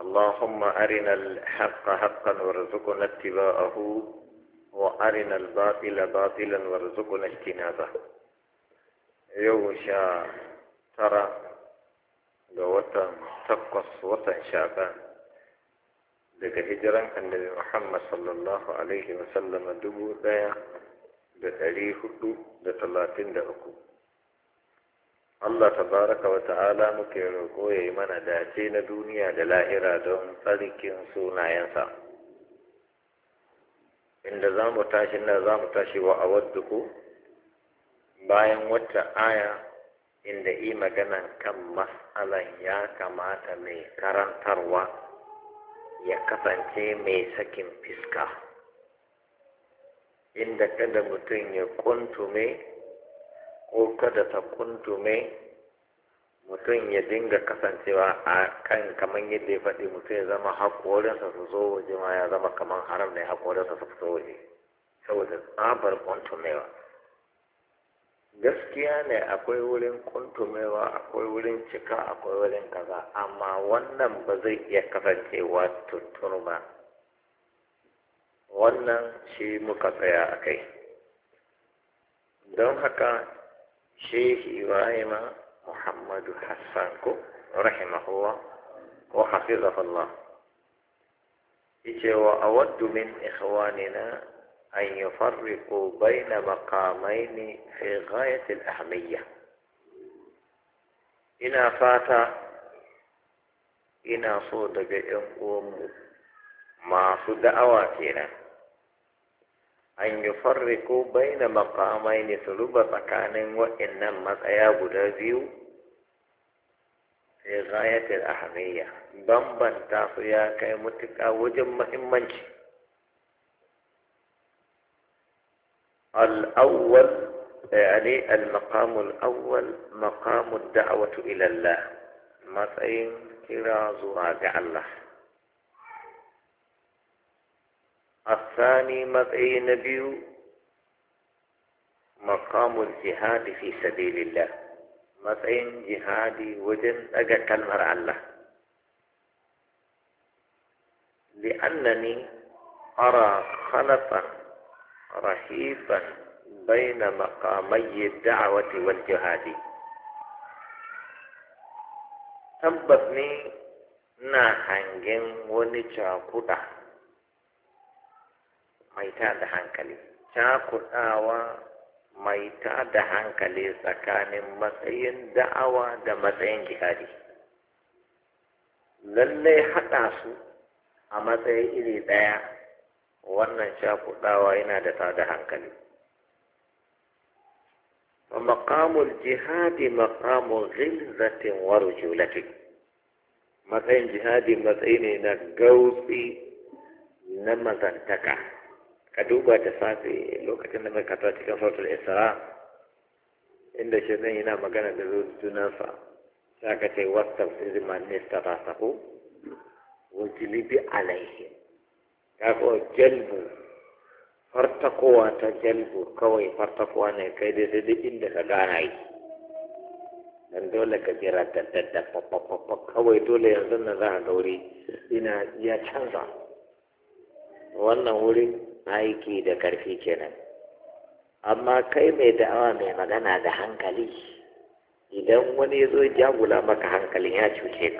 اللهم أرنا الحق حقا وارزقنا اتباعه وأرنا الباطل باطلا وارزقنا اجتنابه يوشا ترى لوطن تقص وطن شعبان daga hijiran annabi Muhammad sallallahu Alaihi wasallama dubu ɗaya da ɗari hudu da talatin da uku. Allah tabaraka wa ta'ala muke roƙo ya yi mana dace na duniya da lahira don tsarkin sunayensa inda za mu tashi na za mu tashi wa awadduku bayan wata aya inda yi maganan kan mas'alan ya kamata mai karantarwa ya kasance mai sakin fiska inda kada mutum ya kuntume ko kada ta kuntume mutum ya dinga kasancewa a kan kamar yadda ya faɗi mutum ya zama haƙorinsa su zo waje ma ya zama kamar haram ne haƙorinsa su fito waje saboda tsabar kuntumewa gaskiya ne akwai wurin kuntumewa akwai wurin cika akwai wurin kaza amma wannan ba zai iya kasancewa tuntun ba wannan shi muka tsaya a kai don haka شيخ إبراهيم محمد حسانكو رحمه الله وحفظه الله أود من إخواننا أن يفرقوا بين مقامين في غاية الأهمية إنا فاتا إنا صودق إقوم ما صد أواتينا an yi farriko bai na makamai ne su ruba tsakanin waɗannan matsaya guda biyu sai gayatar ahamiyya bambanta su ya kai mutuƙa wajen mahimmanci al'awwal يعني المقام الأول مقام الدعوة إلى الله ما تأين كرا زواج الله ثاني مدعي نبي مقام الجهاد في سبيل الله مدعين جهادي ودن أجا كلمة الله لأنني أرى خلطا رهيبا بين مقامي الدعوة والجهاد تبتني ونجا ونشاكوتا mai ta da hankali cakuɗawa mai ta da hankali tsakanin matsayin da'awa da matsayin jihadi lallai haɗa su a matsayin iri ɗaya wannan cakuɗawa yana da ta da hankali jihadi maqamu مقام wa ورجولة matsayin jihadi matsayi ne na gautsi na mazantaka ka duba ta safe lokacin da muka ta cikin sautar isra inda shi zan yana magana da junansa za ka ce wastar ma nista ta sako wajilibi alaihi ka ko jalbu fartakowa ta jalbu kawai fartakowa ne kai dai dai inda ka gana yi dan dole ka jira da da kawai dole yanzu na za a gauri ina ya canza wannan wurin aiki da ƙarfi kenan amma kai mai da'awa mai magana da hankali idan wani ya zo jagula maka hankalin ya cuce ka